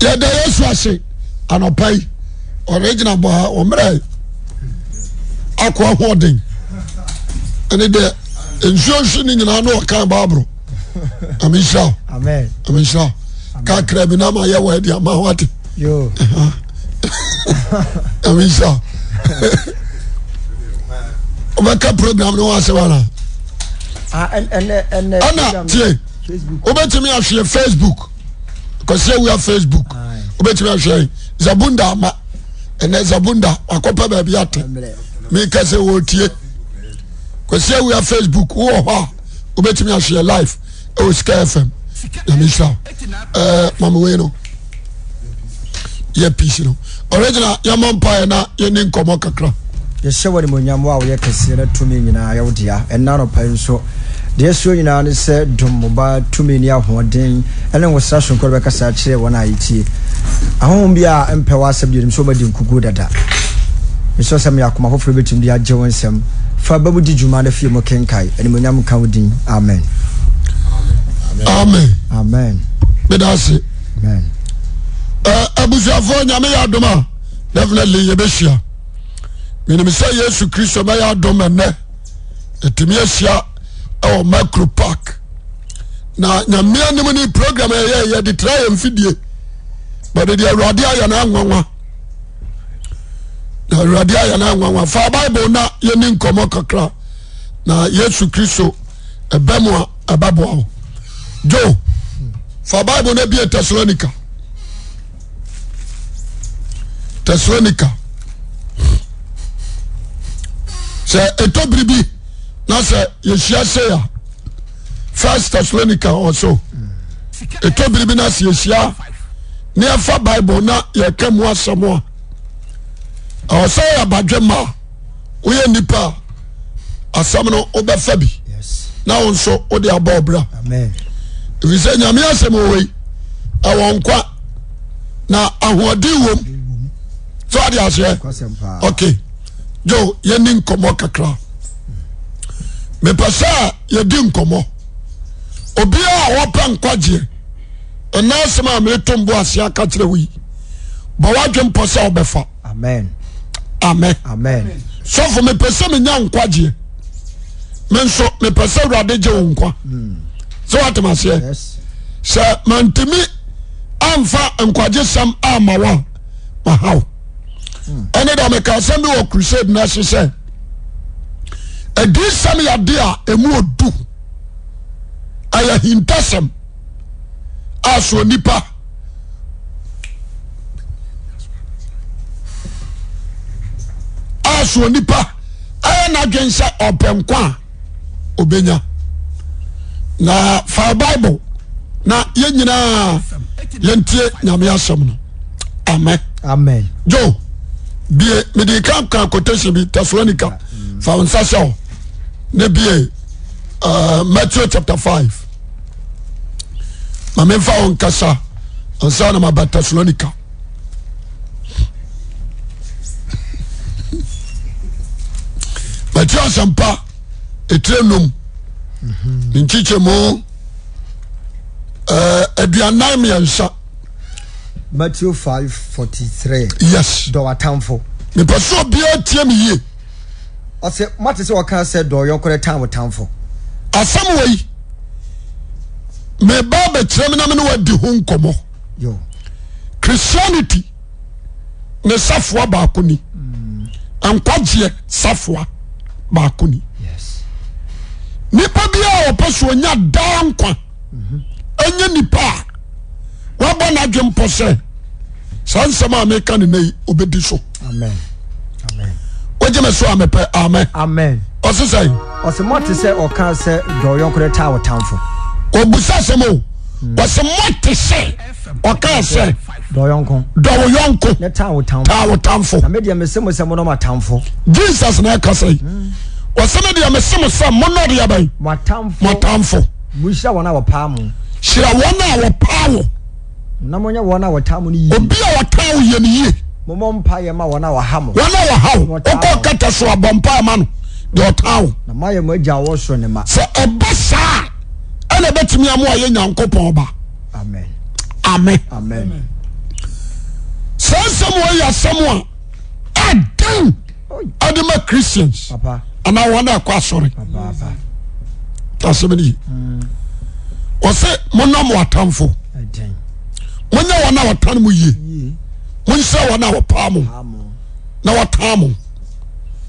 yɛda yɛsu ahye anpayi oreginabɔha ɔmmerɛ akoaho ɔden ɛne dɛ nsusi no nyinaa na ɔka babr kakra inamyɛw dem wobɛka prgramn asɛmana nantie wobɛtumi ahweɛ facebook siawu facebook wobɛtumi ahw zauda ma ɛn zauda kpɛ baaiɛt mkɛsɛ w tie ks wua facebook wowɔhɔa wobɛtumi ahyeɛ li ska fmy ps na yɛmapaɛna ynenɔkakraɛɛ deɛ soɔ nyinaa ne sɛ dommoba tumi ne ahoɔden ɛne nwosra sonkɔre bɛkasa kyerɛ wɔn a yɛtie ahohom bi a mpɛ wɔ asɛm deɛ nim sɛ ɔmadi nkukuo dada mesɛ sɛ meyɛ akoma foforɔ bɛtumi de agye wo nsɛm fa babu di dwuma no fie mu kenkae animonyam ka wo din amen amen amen meda amen uh, abusuafoɔ nyame yɛ adom a definitely yɛbɛhyia menim sɛ yesu kristo bɛyɛ adom ɛnɛ ɛtumi ahyia micro park na nyamea nomne program yɛyɛ yɛdetra yɛmfidie bɔdedeɛ awurade anwa alurade ayɛna awawa faa bible na yɛni nkɔmɔ kakra na yesu kristo bɛmu a ɛbɛboaɔ o fa bible na bi ɛ tesalonika tesalonika ɛbri na sɛ yɛhyia see a first tesalonica wɔ so ɛtɔ biri bi no sɛ yɛhyia ne ɛfa bible na yɛka mu asɛm a ɛwɔ sɛyɛabadwe maa woyɛ nnipa a asɛm no wobɛfa bi na wo nso wode aba ɔbera ɛfiri sɛ nyame asɛm wɔhɔi ɛwɔ nkwa na ahoɔdi wo m sɛ wode ahyeɛ ok o yɛni nkɔmmɔ kakra mepɛ sɛ yɛdi nkɔmmɔ obiaa wɔpɛ nkwagyeɛ ɛnaasɛm a meetombo aseɛ ka kyerɛ woyi bɔ woadwempɔ sɛ wobɛfa amen sɛfo mepɛ sɛ menya nkwagyeɛ menso mepɛ sɛ awurade gye wo nkwa hmm. sɛ woatemaseɛ sɛ mantimi amfa nkwagyesɛm ama wo a mahaw hmm. ɛne da bahao sɛm bi wɔ crusade no ahye sɛ adiisɛm yɛde a ɛmu ɔdu ayɛ hintasɛm a so nipa a so nipa ɛyɛ n'adwen sɛ ɔpɛnko a obɛnya na fa baibu na yɛn nyinaa yɛntie nyame asɛm no amen amen jo bie mede ka ka quotation bi tesalonica fa wo nsa hyɛ ne bie uh, matew chap 5 ma mefa wo nkasa ɔnsa namaba tessalonica matew asampa etirenum nkikyɛmu uh, auanamiansas mpɛ sɛ obia tiamyie asɛm wai meba bɛkyerɛ mna m ne waadi ho nkɔmmɔ christianity ne safoa baako ni nkwagyeɛ safoa baako ni nnipa bi a ɔpɛ sɛɔnya daa nkwa ɛnyɛ nnipa a woabɔ n'adwe pɔ sɛ saa nsɛm a meka ne nayi ɔbɛdi so yemeso a mepɛ m ɔsɛ bu sasɛ mɔs mɔte sɛ ɔka sɛ s nɛkasɛ ɔsɛ mdeɛ mese m sa monɔa n haw ɔkata sɛabɔ mpaɛma no deɛ ɔta osɛ ɔbɛ saa ɛna bɛtumi amo a yɛ nyankopɔn ba amɛ saa sɛmwɔyɛ asɛm a aden ade ma christians anaa wɔ na ɛkɔ asɔrease ɔsɛ monɔmwatamfo monyɛ wɔna ɔtan m yie monsɛ wɔ nwpaa m na wtm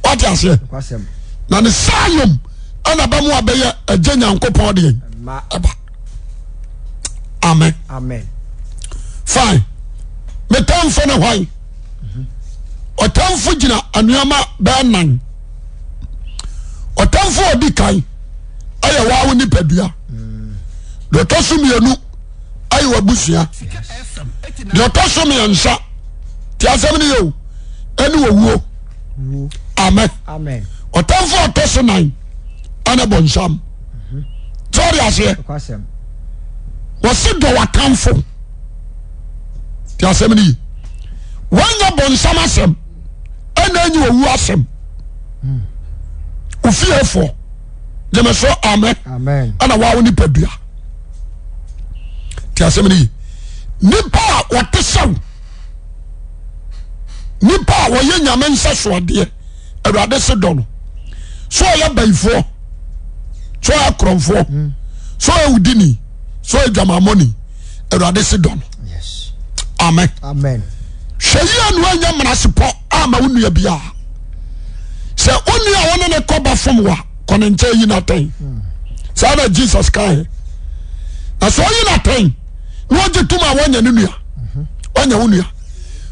waeaeɛ nne sa wɛnabɛmo abɛyɛ agye nyankopɔn deɛɛ a f etmf n a ɔmfo gyina anuama bɛna ɔmfodi kan ɛyɛ wa w nipaa mm. de ɔt sonayɛwaae oyɛs teasɛmne yo ɛnewowuo amɛ ɔtamfo ɔto so nai ane bonsam sɛreaseɛ wosi dɔ watamfo tiasɛmney waye bonsam asɛm ɛneayi wawuo asɛm ofie fɔ yeme so ame ana wawonipadua tiasɛminey nipaa wɔtesau nipa a ɔyɛ nyame nsɛ soɔdeɛ awurade se dɔ no sɛ ɔyɛ ba yifoɔyɛfoɔ ɛɛwammɔne urade se dɔ no a hwɛ yianoaanya mmanasepɔ a ma wo nnua biaa sɛ onua a wɔne ne kɔba fom wɔa kɔne nkyɛ yinatɛn mm. saa na jesus ka ɛ na sɛ ɔyina tɛn na gye tma wayane naaywon mhm.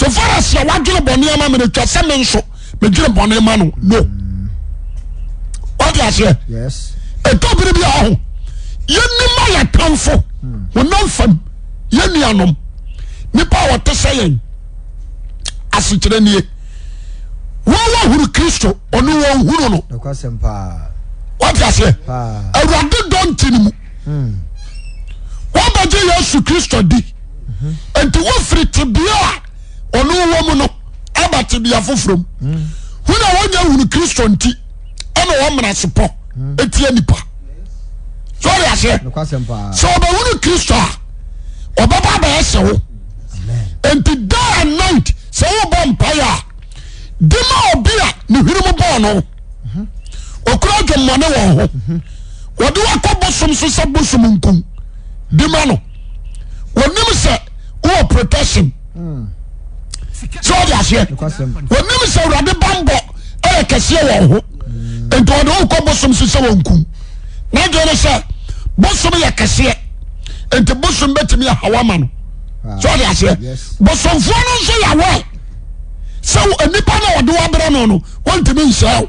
so far as yɛ wadwere bɔ nneɛma mi ni twa sɛ mi nso mi dwere bɔ nneɛma no no wadi aseɛ eto biri bi aho yɛn nima yɛ tanfo wɔn nan fam yɛn nuanom nipa a wɔte sɛ yɛn asikyerɛ nie wɔn wɔ huru kristo ɔno wɔn huru no wadi aseɛ awurade dɔn ti ni mu wɔn bɛ gye yesu kristo di nti wɔn firi tibia. ɔnowɔ mu no abatebia foforom huna wɔnya hunu kristo nti na wɔmmanasepɔ ti nnipa sɛre aseɛ sɛ ɔbahuno kristo a ɔbɛbaabaɛsɛ wo enti da anoit sɛ wowɔbɔ mpae a de ma ɔbi a nehwerom bɔɔ no ɔkora adwo mmɔne wɔn ho wɔde woakɔ bosom so sa bosom nkom de ma no ɔnim sɛ wowɔ protetion hmm. sɛ ɔde aseɛ n sɛ awurade bɔnbɔ yɛ kɛseɛ wɔ ho ntiɔdeɔɔ boso s sɛ ɔn nato nosɛ boso yɛ kɛseɛ n bosobɛtumiɛhwa ma oɛdɛbosofoɔ no nsɛ yɛwae sɛ anipa ah, no aɔde waeɛ no n nii nsɛ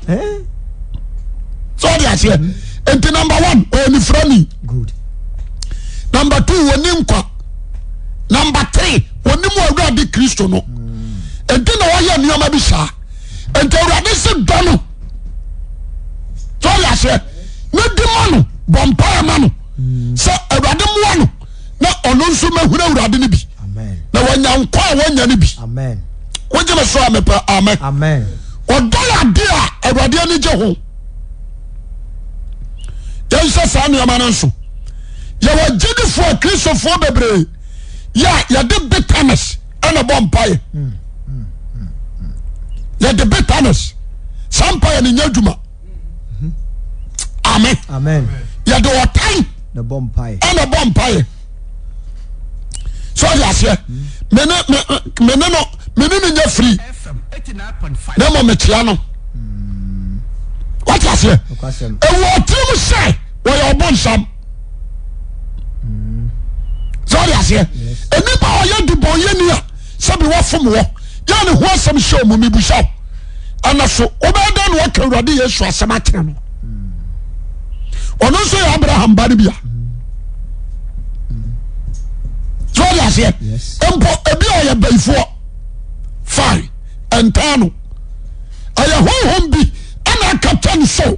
ɛdeɛ n namb oe nifa ni nm w namb t nwrade kristo no nti na ɔyɛ nnoɔma bi saa nti awurade se dɔ no tɛyɛ hyeɛ medi ma no bɔ mpaɛ ma no sɛ awurade moa no na ɔno nso mahuna awurade no bi na wɔanya nka a wɔanya ne bi wogyeme soa mepɛ amɛ ɔdɔ yɛade a awuradeni gye ho yɛnsɛ saa nnoɔma no nso yɛwɔgyedifo a kristofoɔ bebree yɛ yɛde bitane ɛna bɔ mpaɛ hmm. yɛde bitanes sampa yɛne nya adwuma ame yɛdeɔtan ɛnɔbɔ mpae sɛ ɔde aseɛ mene n mene no nya frii na mɔ metea no wate aseɛ ɛwu ɔte m sɛ wɔyɛ ɔbo nsam mm. sɛ ɔde aseɛ ɛnipa ɔyɛ de bɔyeni a sɛ bii wafomwɔ nho asɛm yɛ mmɛ ɛnaso wobɛɛ dan na ka awurade yɛsu asɛm atera no ɔno soyɛabraham bane b sɛwode aseɛmbia yɛbayifoɔ a na no ɛyɛhoho bi ɛna kaptane so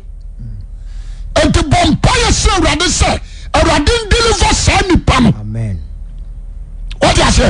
nti bɔ mpa yɛ sɛ awurade sɛ awurade ndi leva saa nnipa nodeaseɛ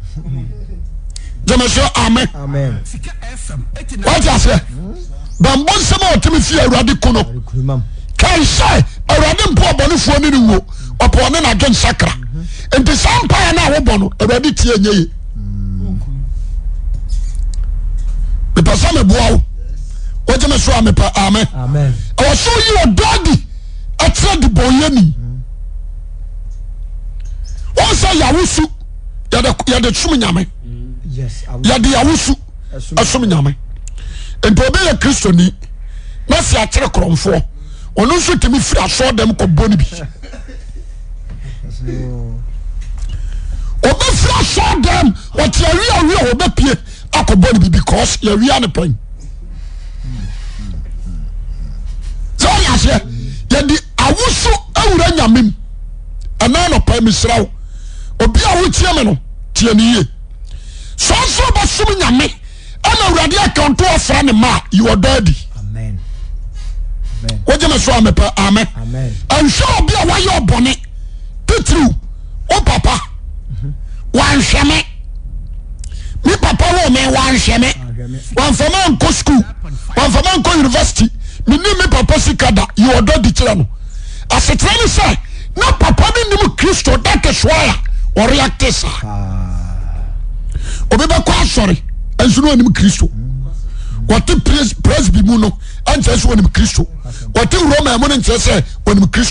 gyemeso ame tasɛ banɔ nsɛm aɔtemefia awurade kuno ka sɛ awurade mpobɔne fɔ ne ne o ɔpɛɔne ndwonsakra enti saa mpaa na woɔ no awurade tieyɛe epɛ sɛmeboao gyemeso aepɛ ɛwoyioɔde terɛ deaniwo yɛde som nyame yɛde yɛwosu som nyame nti obi yɛ kristoni na si akyere korɔmfoɔ ɔno nso tumi firi asɔ dɛm kɔbɔ no bi obɛfiri asɔ dɛm ɔte awiawia pie akɔbɔ no bi because on ne pɛn sɛ ɔyɛ aseɛ yɛde awoso awura nyamem ɛnaa nɔpa ɔbi a wokia me no tianye soso basom nyame anawuradekontofra ne ma d nhwɛi a wyɛ ɔɔne pitiri wopapa nhwɛme me papa nhwe mfmn sl mn niversity n papa siadapa nrist aa obɛbɛkɔ asɔre snoani kristo wɔte pris b mu no tɛ n kristo ma o ɛsɛ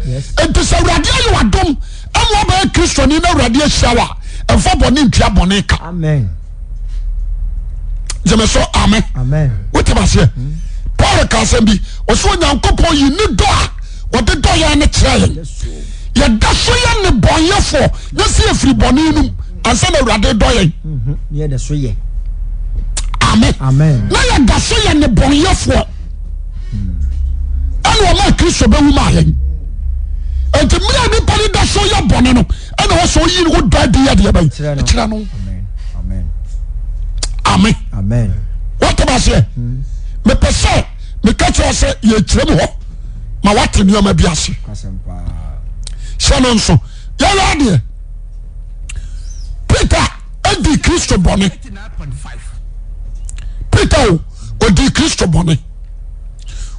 it ɔɔɔre ywa ɛy kristonnara hiawa fentaɔeka s ɛu yanɔn ddɔyɛn n kerɛ yɛ yɛda yɛ ne bnyɛfoɔ na mhm. sɛyɛfiribɔen ansanawradeyɛ na yɛda so yɛ nenyɛfoɔ ɛnɔma hmm. kristo bɛwu ma nti merɛnned ɛɔ ɛdaeɛ aɛepɛsɛeyɛsɛ yɛkrɛmhɔ wtraise ɛ yɛy deɛ peter adi kristo bɔne5 peter o ɔdi kristo bɔne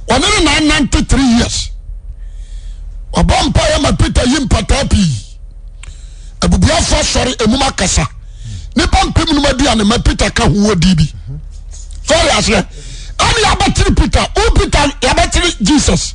ne enannt 3 years abampa yɛma pete yimpataa pii abubiafoa sɔre mum akasa nipa nkpamu nomadiane ma pete ka hoɔ dibi saɛ nyɛbɛkyere peter o pete yabɛkere jesus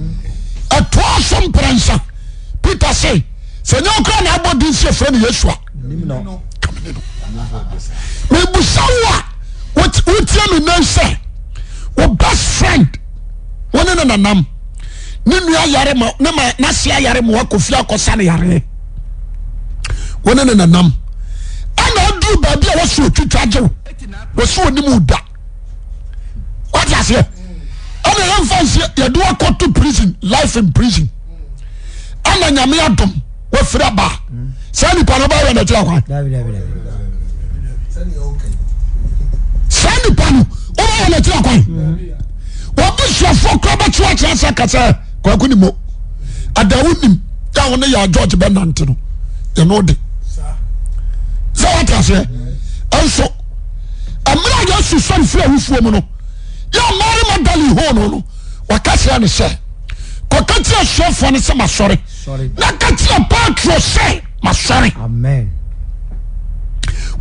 atoa somprɛnsa peter se sɛ nya okora naabɔdensie frɛ ne yesua mebusa wo a wotia menom sɛ wo best friend wo ne ne nanam ne n anase ayare mowakofiakɔsaneyare wone ne nanam ɛna aduo baabi a wasoo twitwajew wasonim wo da se ɛna yɛmfa nsi yɛde to prison life in prison ama nyame adom wafiri aba saa nipa no bɛyɛ n'akyiri akwan saa nipa no wɔbɛyɛ n'akyiri akwan wɔbusuafoɔ kora bɛkye wakyerɛ sɛ kasɛ kwaku ni mo adawo nim yà wọn yà george bẹnante no yà n'o de sẹ wà tẹ ase ẹ nso ẹmúra yà susọ nfiri awufuo mu no. yɛmmaaremadale yho no no waka seɛ ne sɛ kɔka tia suɛfɔno sɛ masɔre na katia paa tuɔ sɛ masɔre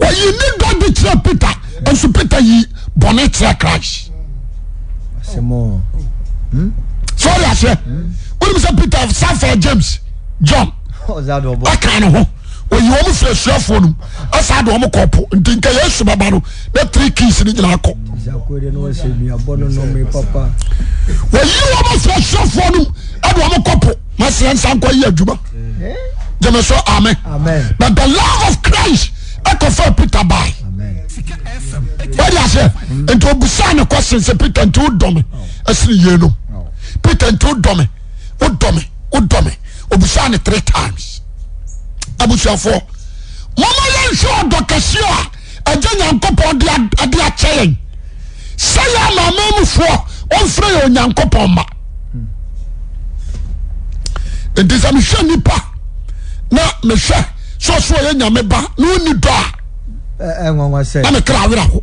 yonednode kyerɛa peter ɛnso peter yi bɔne teɛ christ sore hmm? aseɛ hmm? worem sɛ petersafara james jonakra noho t keys nfp sanyi duma emeso ameutele of cristeersns erntwodme sneyeno peter nt odome wodome wodome obuson three times oma yɛ nhwɛ ɔdɔkɛseɛ a agye nyankopɔn de akyɛyɛn sɛ yɛ amamamufoɔ ɔmfrɛ yɛ onyankopɔn ma nti sɛ mehwɛ nnipa na mehwɛ sɛso yɛ nyame ba ne wonni dɔ a na mekraerhoj5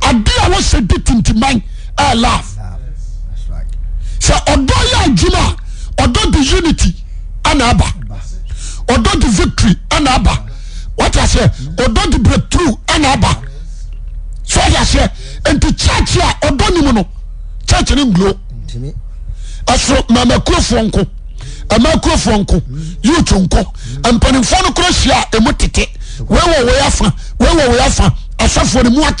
adea wsɛ d tntman a ɛ ɔd yɛ dwua a ɔdd unity and victory ɛ ɔd bɛt an aɛ nti church a ɔdɔ nm no chh ne ngo ɛsmakfoɔ nafoɔnfria t ɛfasfoɔ n mu ak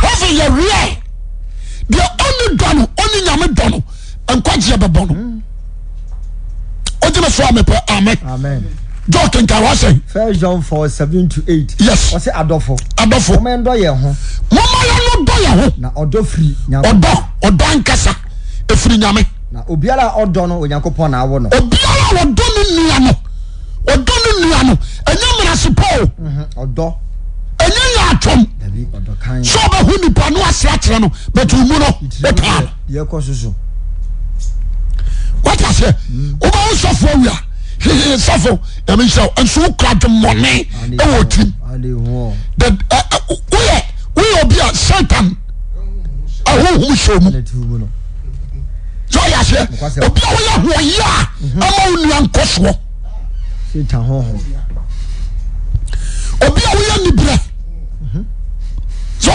wofi yɛ reɛ deɛ ɔne dɔ no nyame dɔ no nkwagyeɛ bɛbɔ no ogyeme so a mepɛ amɛ jọ kankan wa sẹ. first john four seven to eight. yes ọsẹ adọfo. adọfo ọmọ ẹndọ yẹ ho. wọn máa yọ ọdọ dọ yẹ ho. na ọdọ firi nyame. ọdọ ọdọ ankasa efiri nyame. na obiara ọdọ no onyankopɔn na awọ no. obiara ọdọ ni nua no ọdọ ni nua no ẹnyẹ mìíràn sí paul. ọdọ. sɛ obɛho nipa ne wase akyerɛ no bɛto mu noɛ ɛwoɛo foɛnswokadwomɔnewɔ yɛ satan hohoɛmɛɛɛɛ aon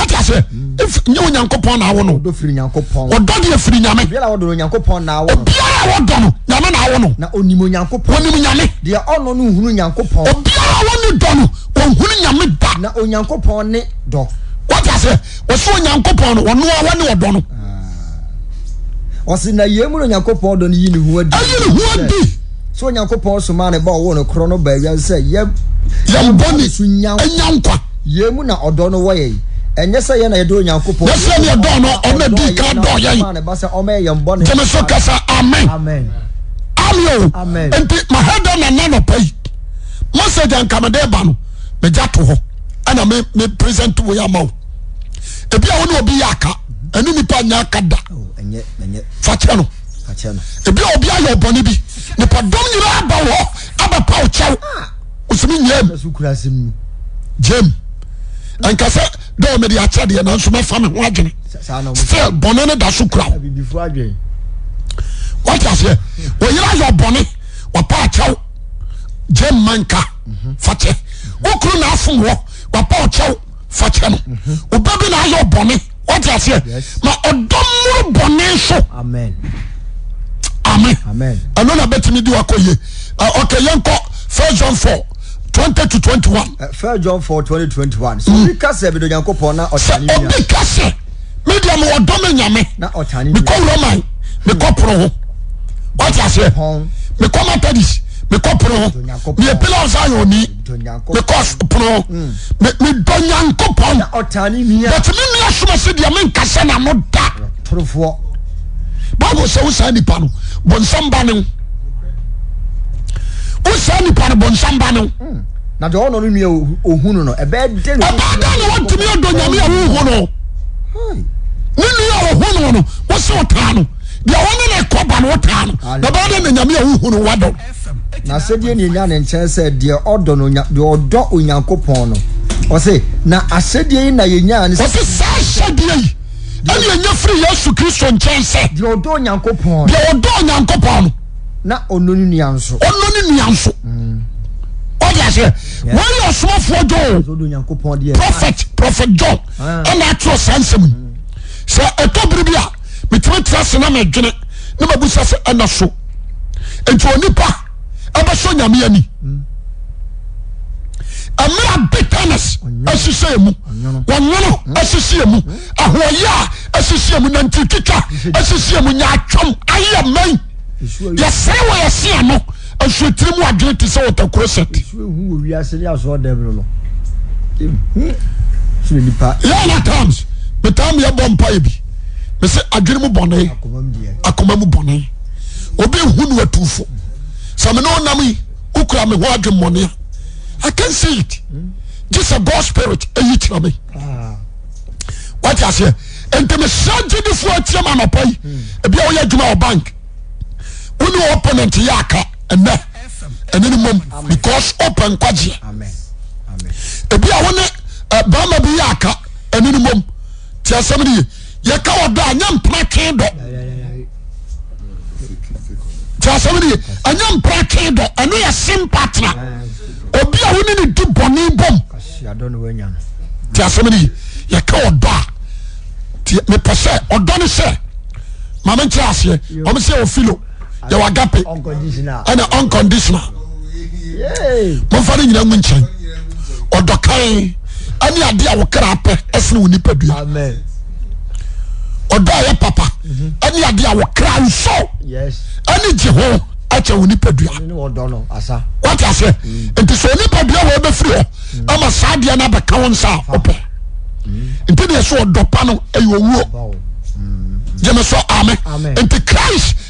wati ase nye onyankopɔn na awo no ɔdɔ deɛ firi nyame obiara a wɔdɔ no nyame na awo no onim nyame obiara a wɔne dɔ no ɔhunu nyame da na onyankopɔn ne dɔ wati ase wɔsɛ onyankopɔn no ɔno a wɔne ɔdɔ no ah. ɔsi na yie mu na onyankopɔn dɔ no yi ne ho adi ayi ne ho adi sɛ onyankopɔn soma ne ba ɔwɔ ne korɔ no baawiase sɛ yɛ yɛn bɔ ne so nyankwa yie mu na ɔdɔ no wɔ yɛ yi ɛɛeosa nnt mahedɛ nananɔpai masga nka mɛdebano meyathɔ ɛnmeprtema biawo ne ɔbiyɛka ɛnenipa nya kada facɛno iabi ayɛ bɔne bi nepadɔm yeno abawɔ abapao cyɛw ah! osomi yɛm ye ɛkasɛ dɛ mɛde akyɛ deɛ nanso mɛfa me ho adwene sɛ bɔne no da so kura wo wate aseɛ ɔyera yɛ bɔne wapa akyɛw gye manka, nka fakyɛ wokuro na afom hɔ wapa ɔkyɛw fakyɛ no ɔba mhm. bi na ayɛ bɔne wate aseɛ ma ɔdɔmmoro bɔne so amen ɛno na bɛtumi di wakɔ ye ɔkɛ yɛnkɔ first john four twenty to twenty one. Eh, first john four twenty twenty one. Mm. sọ obi kasa ebido yanko pọ na ọtani nìyẹn. obi kasa mi di ọmọ ọdọ mi nyame. na ọtani nìyẹn. mi kọ roman mi kọ poro ho ọtí ase mi kọ methodist mi kọ poro ho mi yẹ pillar of zion ni mi kọ poro ho mi dọ yanko pọ. na ọtani nìyẹn. bàtí mi nìyẹn sọmọ sí diẹ mi nkasa na mo da. torofoɔ. báwo sẹ́wọ́n sá nípa nù bọ̀nsán bá ni. Hmm. o sẹ nipa ni bọnsam ba ni. na jọ ọ̀nà mi yẹ ohun nù ẹbẹ dé ní. ọba dá ni wọn tún yẹ dọ nyàmú yẹ wọn hó nù. nínú yẹ wọn hó nù nù wọn sẹ wọn tàn nù diẹ wọn ní ní kọ ba ni nù bàbá dá ni nyàmú yẹ wọn hó nù wọn dọ. na sẹ́díẹ̀ ni ìyá ni nkyẹn sẹ́ diẹ ọ̀dọ̀ ònyànkó pọ̀n nù ọ̀sẹ̀ na asẹ́díẹ̀ yìí na yẹ nyà ni. ọ̀sẹ̀ sáà sẹ́díẹ̀ yìí ẹni ẹ̀yẹ firi yẹsu kristo nkyẹn sẹ́. diẹ ọ̀dọ̀ ònyànkó pọ̀n. diẹ ọ̀dọ̀ ònyànkó pọ̀n nù. ɔn nua no deaseɛ ɔyɛ ɔsomɔfoɔ ooproet profet john ɛnato saa nsɛmu sɛ ɛtɔbiri bi a metumi tra se na medwene ne mabusa sɛ ɛnaso nti wɔnipa ɛbɛsɔ nyameani merɛ bitanes asisea mu ɔwono asisiemu ahoyɛ asismu nantitwitwa asisiamu nyatwo ayɛ ma yɛserɛ wɔ ɛsea no asɛtirimuadwene te sɛ wɔtako sɛɛɛ du woneoponent yaka n anenemom because openkayiɛ bia wone bamabu yaka anem tasmnee yɛ yaatedeaa tedɔnɛ patra iawonned bɔnebom mneɔapsɛ ɔnesɛ amkye aɛfi n cnditional mofa ne nyina u nkyɛn ɔdkanaawkrapɛsn wo nipda ɔɛpapkras ngye h kɛ wo npdanɛnipabfri hmasa noka s ne sodnywo gymes am nt crist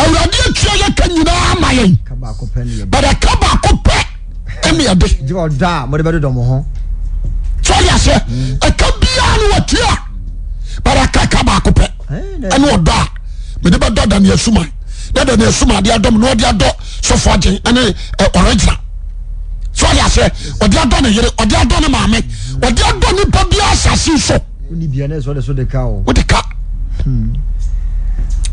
awurade atua yɛ ka nyinaa ma yɛn but ɛka baako pɛ ɛne ɛde sɛ ɔde aseɛ ɛka biaa ne watua but ɛka ka baako pɛ ɛne ɔdɔ a mede bɛdɔ daneɛ suma na daneɛ suma de adɔm na ɔde adɔ sɔfo agyen ɛne ɔregyina sɛ ɔde aseɛ ɔde adɔ ne yere ɔde adɔ ne maame mm. ɔde adɔ nipa biaa asase so wode ka hmm.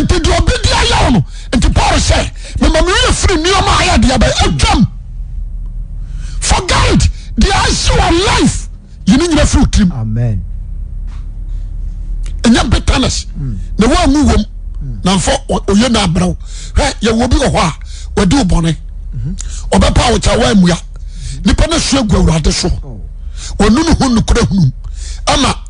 nt de obdayaw no ntr sɛ maweɛ frinaɛdeaawa fo gar deasewɔ lif yene nyina frɛ tiri ɛnya bitansnwurɛɛwihɔ adewoɔ ɔbɛpɛ woka waua nipano ɛsoagu awurade o nnoa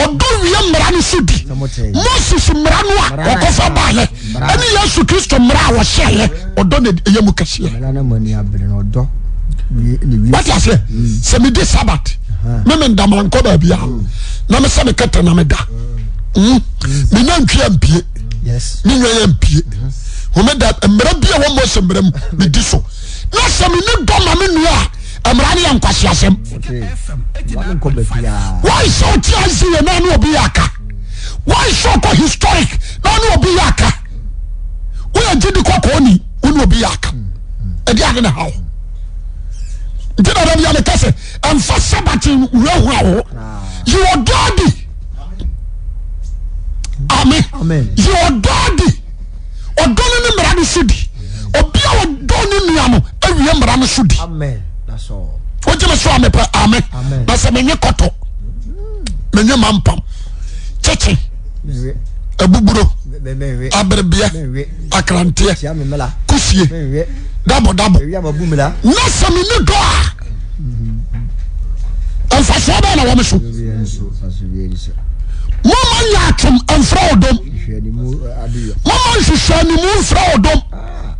ɔdɔ wi mmara no so di moses mmara n a aɛ ne yesu kristo mrayɛɛ yam ksɛwtasɛ sɛ mede sabat memenda maankɔ baabiaa na mesɛ mek t na meda hmm. hmm. menantwia mpie meampie ma iwmos mmmen n mara ne yɛnkwaseasɛmɛɛhistoricnɛawoagyide ɔɔ niwo nei yɛka ɛd ade ne ha nti na aiaɛsɛ ma ɛaahaho yɔd ɔd ɔn n ma no so di iaɔdɔno nua no awi mmara no so di wekime soame p ame mese menye koto menye mampam ceki abuburo aberebie akrantie kusie dabo dabo na se mene doa mfasowa bena wome so momaya aton nfrao dom momasesa nimu mfrao dom ah.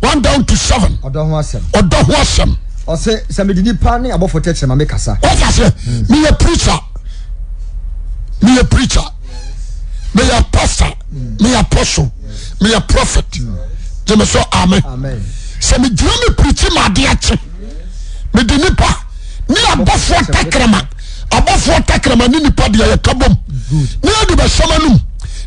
7 ɔdho asɛms meyɛ prea meyɛ preha meyɛ apasta miyɛ apostl meyɛ profet gemeso ame sɛ megyima me prikhi maadeɛ kye mede nnipa ne abɔfoɔ tkrma abɔfoɔ krma nenipa deɛyɛkabone dibɛsaman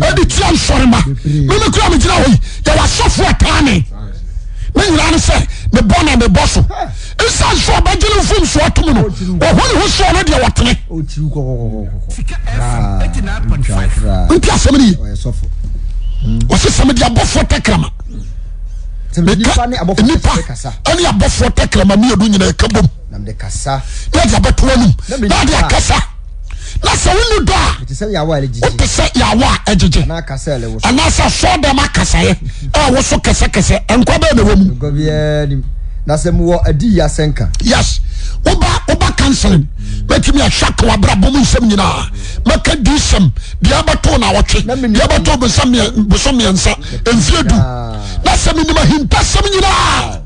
ɛdetua nsɔrema memɛkura a megyina hɔi yɛwɔ asɔfoɔ tane me nyina no sɛ mebɔ ne mebɔ so nsa nsɔ bɛgyene mfom soatom no ɔoneho uno deɛ wɔtemempiasɛm ney ɔsesɛme de abɔfoɔ tɛkrama na nebɔfoɔ kamamiadnyinakabo de bɛtande akasa na sɛ wonu dɔ a wote sɛ yɛawa a agyegye anaasɛ sɔ dɛm akasaeɛ a wo so kɛsɛkɛsɛ ɛnkwa bɛɛ na wɔ mu adi yasɛnka yes woba woba counseling mɛtumi ahwɛ akawa berɛ abɔ mu nsɛm nyinaa mɛka di sɛm deɛ bɛtoo na awɔtwe deɛ bɛtoo boso mmiɛnsa ɛmfie du na sɛ menim ahintasɛm nyinaa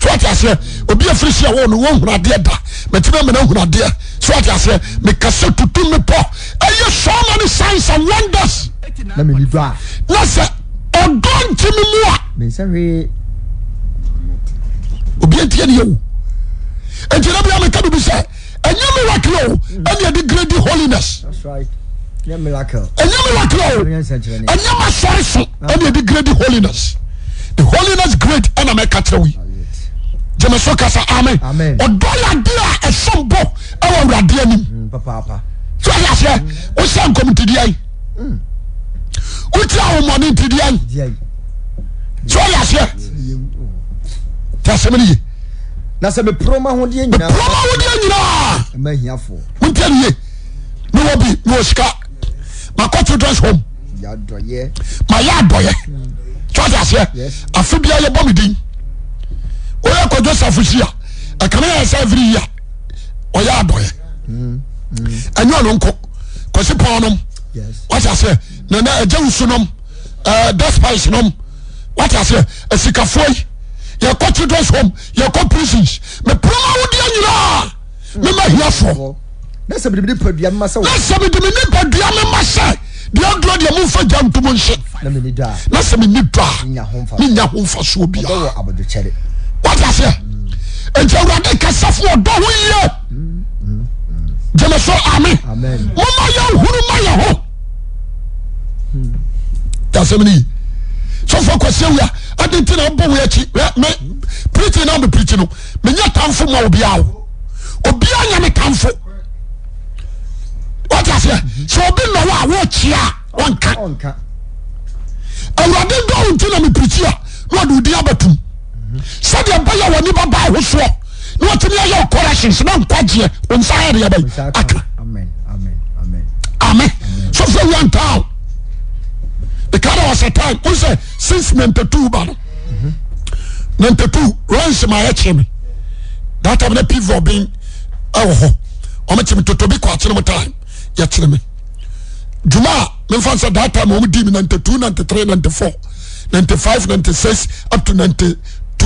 sot asɛ obiafiaɛ m yɛ somane sciencea ondrs nsɛ ɔdɔ nkyem muanka iɛiraeymasareso rd holines e holiness greae namka rɛe tẹmẹ so kasa amen ọdọ yàdé a ẹsọ bọ ẹwọ awurade anim hmm, tí wàá yàsẹ o sẹ nkọm ti di ayi o hmm. ti àwọn ọmọdé ti di ayi tí wàá yàsẹ tí a sẹmi nìyí. na sẹ mi puroma ahodeɛ nyinaa puroma ahodeɛ nyinaa ɛmɛ hiya fo n tɛ nin ye mi bi mi sika ma kɔ children's home ma yɛ adɔyɛ hmm. tí wàá yàsẹ afi bi a yɛ bɔ mi din. oyɛ kɔdo safo si a ɛkane yɛɛ sa viri yi a ɔyɛ adɔɛ anosɛascɛaskafoi yɛkɔ chdos ho yɛɔ pr eprom wodanyinaa memahiafona sɛ mede menepadua mema sɛ duadɔ deɛ momfa gya ntom nhye na sɛmen du ameya homfa soɔ bia watasɛ nkɛ awurade kɛsɛfoɔdɔ ho e emɛso oma ɛ uumahaɛɛɔ nɔɔka sɛdeɛ bɔyɛ wa niba ba hosoɔ ne ɔtimi ɛyɛkɔasen sona nkaɛ 2 3 ne5 espo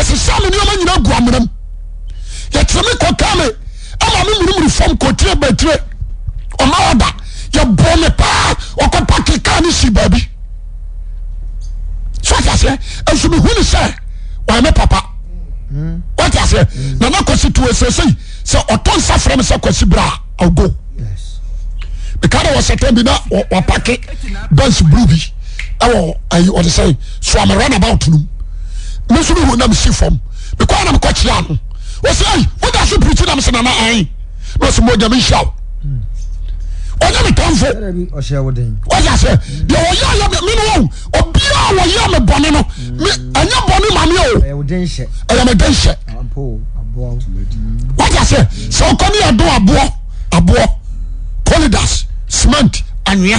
esisameneoma yina agua mera yetereme kokame mame menm refom ktre batire mda yebome pa kpake kane sibabi ots smhun se m papa s s blsrnabout me nso mi hu na mi si fam mi kọ́ na mi kọ́ kyea no wosi ayi wọ́n so pirikyi na mi sẹ nana ayin na ọsẹ mo ọjà mi nhyia o ọjà mi tán fo ọjà sẹ deɛ ɔyá ayá mi nínú wọn obiá ɔyá mi bọ̀ni no mi ɛnyɛ bọ̀ni maami o ɛyɛ mi dé nhyɛ ọjà sẹ sẹ ọkọ mi yà aboɔ aboɔ kọlidas cement anwia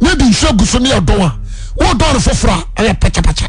ne di nsu egu so ne yà dùn a wọ́n dɔn foforɔ a ɛyɛ pɛkyɛpɛkyɛ.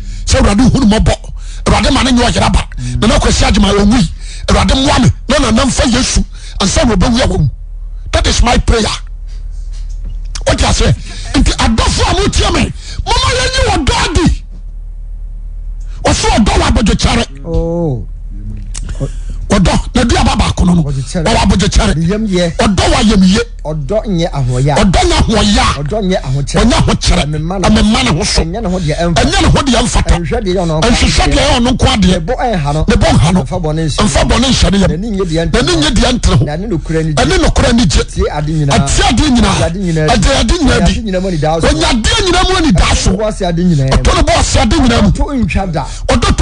awurde hunmb aurade mane nye yera ba nana krasigema ɔwi urade moame na nanafa yesu ansanbawiawɔmu that is my prayer wotasɛ nti adɔfoa motiame moma yɛnyi wɔdɔ adi ɔsoɔdɔ wabaokyare ɔdɔ na di aba baako no no ɔwɔ abogye kyɛre ɔdɔ wa yam ye ɔdɔ nyɛ ahoya ɔnyɛ ahokyerɛ ɛmema ne ho so ɛnyɛ ne ho deɛ mfata nhwehwɛ deɛ ɔno nko adeɛ ne bɔ nha no mfa bɔne nhyɛ ne yam n'ani nyɛ deɛ ntere ho ɛne nokora ani gye atie ade nyinaa agye ade nyinaa bi ɔnya adeɛ nyinaa mu ani daa so ɔtɔ ne bɔ ɔse ade nyinaa mu ɔdɔ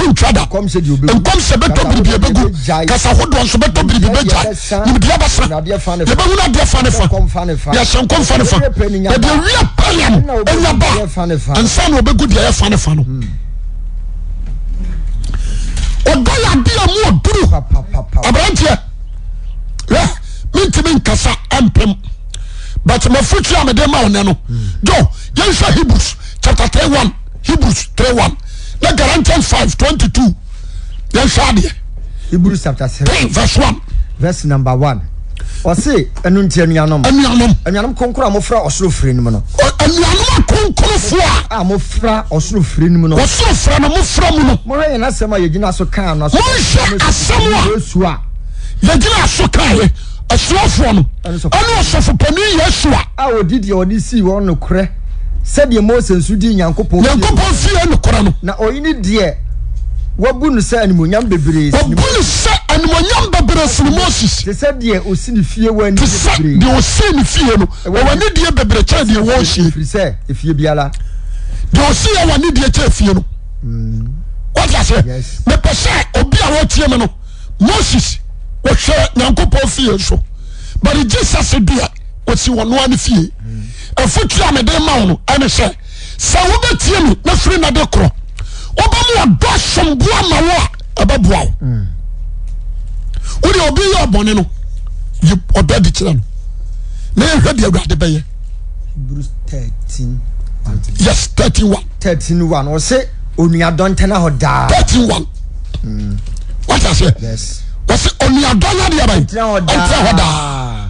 yɛ easnɛ deɛɔa yabia muarbrantɛ mentimi nkasa ampɛm butmafoa medmanɛ no hmm. yɛɛ hebrews cha 31 hebrews 31 ne galatians five twenty two yẹn hwẹ adiẹ. hebrews chapter seven verse one. verse number one ɔse ɛnu nti anuanom anuanom anuanom konkoro a mofra ɔsoro firi nimu no anuanom akonkorofoɔ a mofra ɔsoro firi nimu no ɔsoro fira no mofra mu no mohwɛ yɛn asɛm a yɛgyina so kaa no monhwɛ asɛm a yɛgyina so kaeɛ asuafoɔ no ɛne ɔsɔfopanin yesu a a ɔdi deɛ ɔde sii wɔn nokorɛ sɛdeɛ mose nso di nyankopɔn nyankopɔn fie nokora no na ɔyi ne deɛ wabu no sɛ animonyam bebree wabu no sɛ animonyam bebree sini moses te sɛ deɛ osi ne fie wɔ ani bebree te sɛ deɛ osi ne fie no ɛwɔ ne deɛ bebree kyerɛ deɛ wɔn hyie firi sɛ efie biara deɛ osi yɛ wɔ ne deɛ kyerɛ fie no mm. wɔte aseɛ mepɛ sɛ obi a wɔtie mu no moses wɔhwɛ nyankopɔn fie so bari jesus deɛ osi wɔn noa ne fie afutu a mede ma wɔn ɛne sɛ sɛ wobɛtie mi na firi na de korɔ wobɛ mu ɔdɔ asomboa ma wo a ɛbɛboa e wo wode obi yɛ ɔbɔne no yi ɔdɔ de kyerɛ no na yɛhwɛ deɛ awurade bɛyɛ yes thirteen one. thirty one ɔsɛ onuadɔ ntɛn ahɔ daa. thirty one. Hmm. wata sɛ wɔsɛ onuadɔ yɛ deɛ bɛyɛ ɔntɛn ahɔ daa.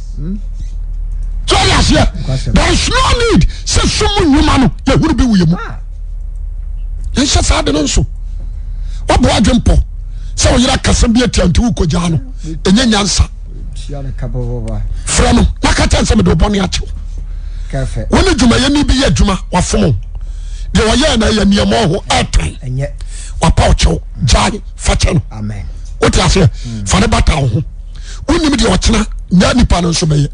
sɛyɛ aheɛdan snal ned sɛ som nnwuma no yɛhunu bi wuɛ mu ɛnhyɛ saa de no nso waboa adwe psɛwoyerɛ asaɛfɛ noaɛesɛmdɔeknewɛniiyɛ wɛɛn pak afakɛ nowoɛfane atao ho wonim deɛ kyena yanipao yɛ fasɛ med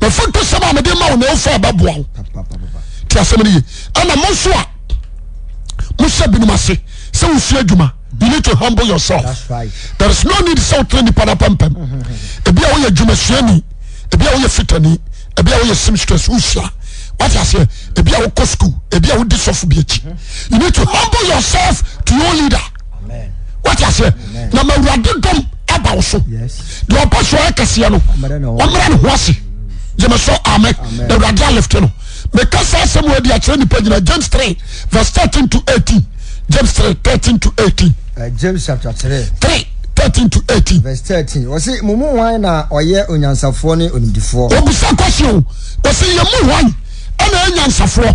mafɛboa oo mosa bino ase sɛ osua dwu sɛɛ nmawurade dom ba wo so eɔpɔ soa akɛseɛ no ɔmera ne ho ase gyemɛs amnwrade alf no mɛkɛsaa sɛmadiakyerɛ nnipa gina james 3 v13833338obisa kɔsiɛ ho wɔsɛ yɛ mu han ɛnaanyansafoɔ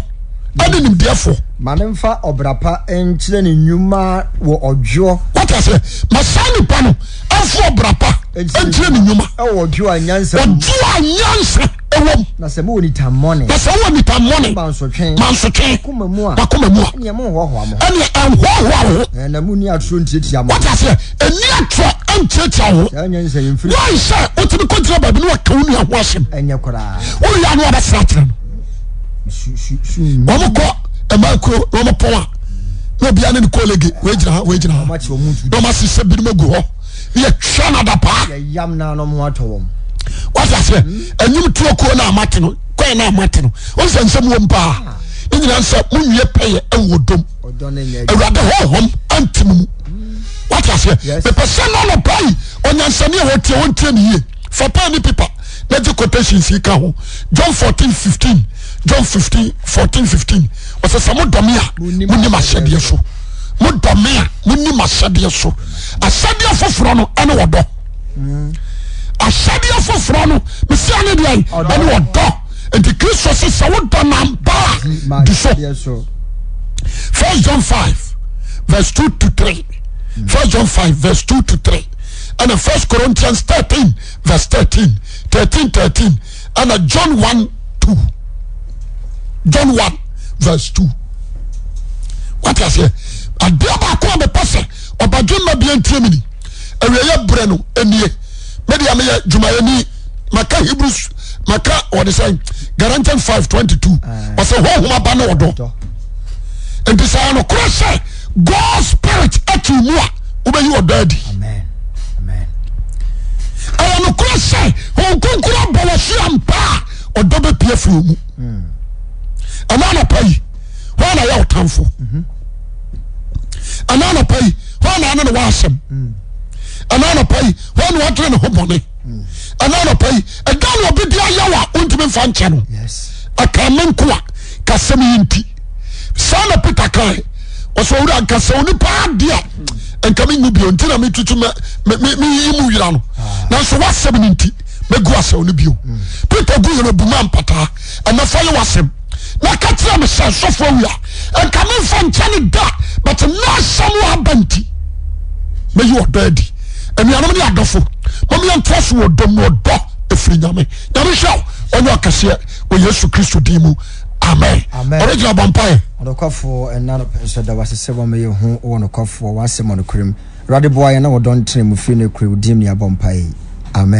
ɛne nimdeɛfoɔ mame mfa ɔbrapa nkyerɛ ne nnwuma wɔ ɔdwoɔ wata sɛ masaa nipa no ɛmfa ɔbrapa nkyerɛ ne nnwuma ɛwɔ ɔdwoɔ a nyansa ɔdwoɔ a nyansa ɛwɔm na sɛ mowɔ nitammɔne na sɛ wowɔ nitammɔne mansotwe mansotwe wakoma mu a ɛneɛ monhoahoa mo ɛneɛ ɛnhoahoa wo na monni atoro ntiatia mo wata sɛ ɛni atorɔ ntiatia wo saa nyansa yɛmfiri wansɛ wotumi kɔgyina baabi ne waka wo nua ho asɛm ɛnyɛ koraa woyɛ ne wabɛsra kyerɛ no wɔn kɔ ɛmaa kuro wɔn pɔn a na obi ane ne kɔɔlege wɔgyina ha wɔgyina ha na wɔn asesɛ binom egu hɔ yɛ twɛ na da paa wɔte aseɛ enyim tuo kuo na amate no kɔɛ na amate no wɔn sɛ nsɛm wɔm paa ne nyinaa nsɛ mo nwie pɛyɛ ɛwɔ dom awurade hɔ hɔm antim mu wɔte aseɛ mepɛ sɛ na ɔnɔ paa yi ɔnyansani a wɔtie wɔn tie ne yie fɔ paa ne pepa na gye quotation si ka ho John fourteen john fifteen fourteen fifteen ɔsɛ sɛ mo dɔmi a mo nim ahyɛdeɛ so mo dɔmi a mo nim ahyɛdeɛ so ahyɛdeɛ foforɔ no ɛne wɔ dɔ ahyɛdeɛ foforɔ no mesia ne deɛ ɛne wɔ dɔ nti kristo sɛ sɛ wo dɔ nampa a di so first john five verse two to three. three hmm. first john five verse two to three ɛna first corinthians thirteen verse thirteen thirteen thirteen ɛna john one two. john 12 waseɛ aebaao ɛɔsɛ ɔbdwennaantimni eɛ erɛ noɛdɛ dwuanwa ga522ɔoa ndɔn ɛɛnokor sɛ go spirit ai mu a wobɛyi ɔdɔ adi ɛɛnokor sɛ honkonkra bɔɔ sea mpaaɔdɔ bɛ pua fi mu hmm. ananapai hana ya tamfo ananapai anaanena wase s waka kyerɛ me sɛ sɔfoɔ wia nka memfa nkyɛ ne da but naasɛm wɔ aba nti mɛyi ɔdɔ adi anuanom ne adɔfo mamyɛntoa so wɔ dɔ mu ɔdɔ ɛfiri nyame nyame hwɛ ɔnyɛ ɔkɛseɛ wɔ yesu kristo din mu amen ɔregyina bɔmpaeɛ ɔdɔkɔfoɔ ɛna no pɛn sɛ da wasesɛ wɔ mɛyɛ ho wɔ nokɔfoɔ wasɛm ɔnokorɛm awurade boa yɛ na wɔdɔ ntena mu firi no kuro wodim ne abɔ amen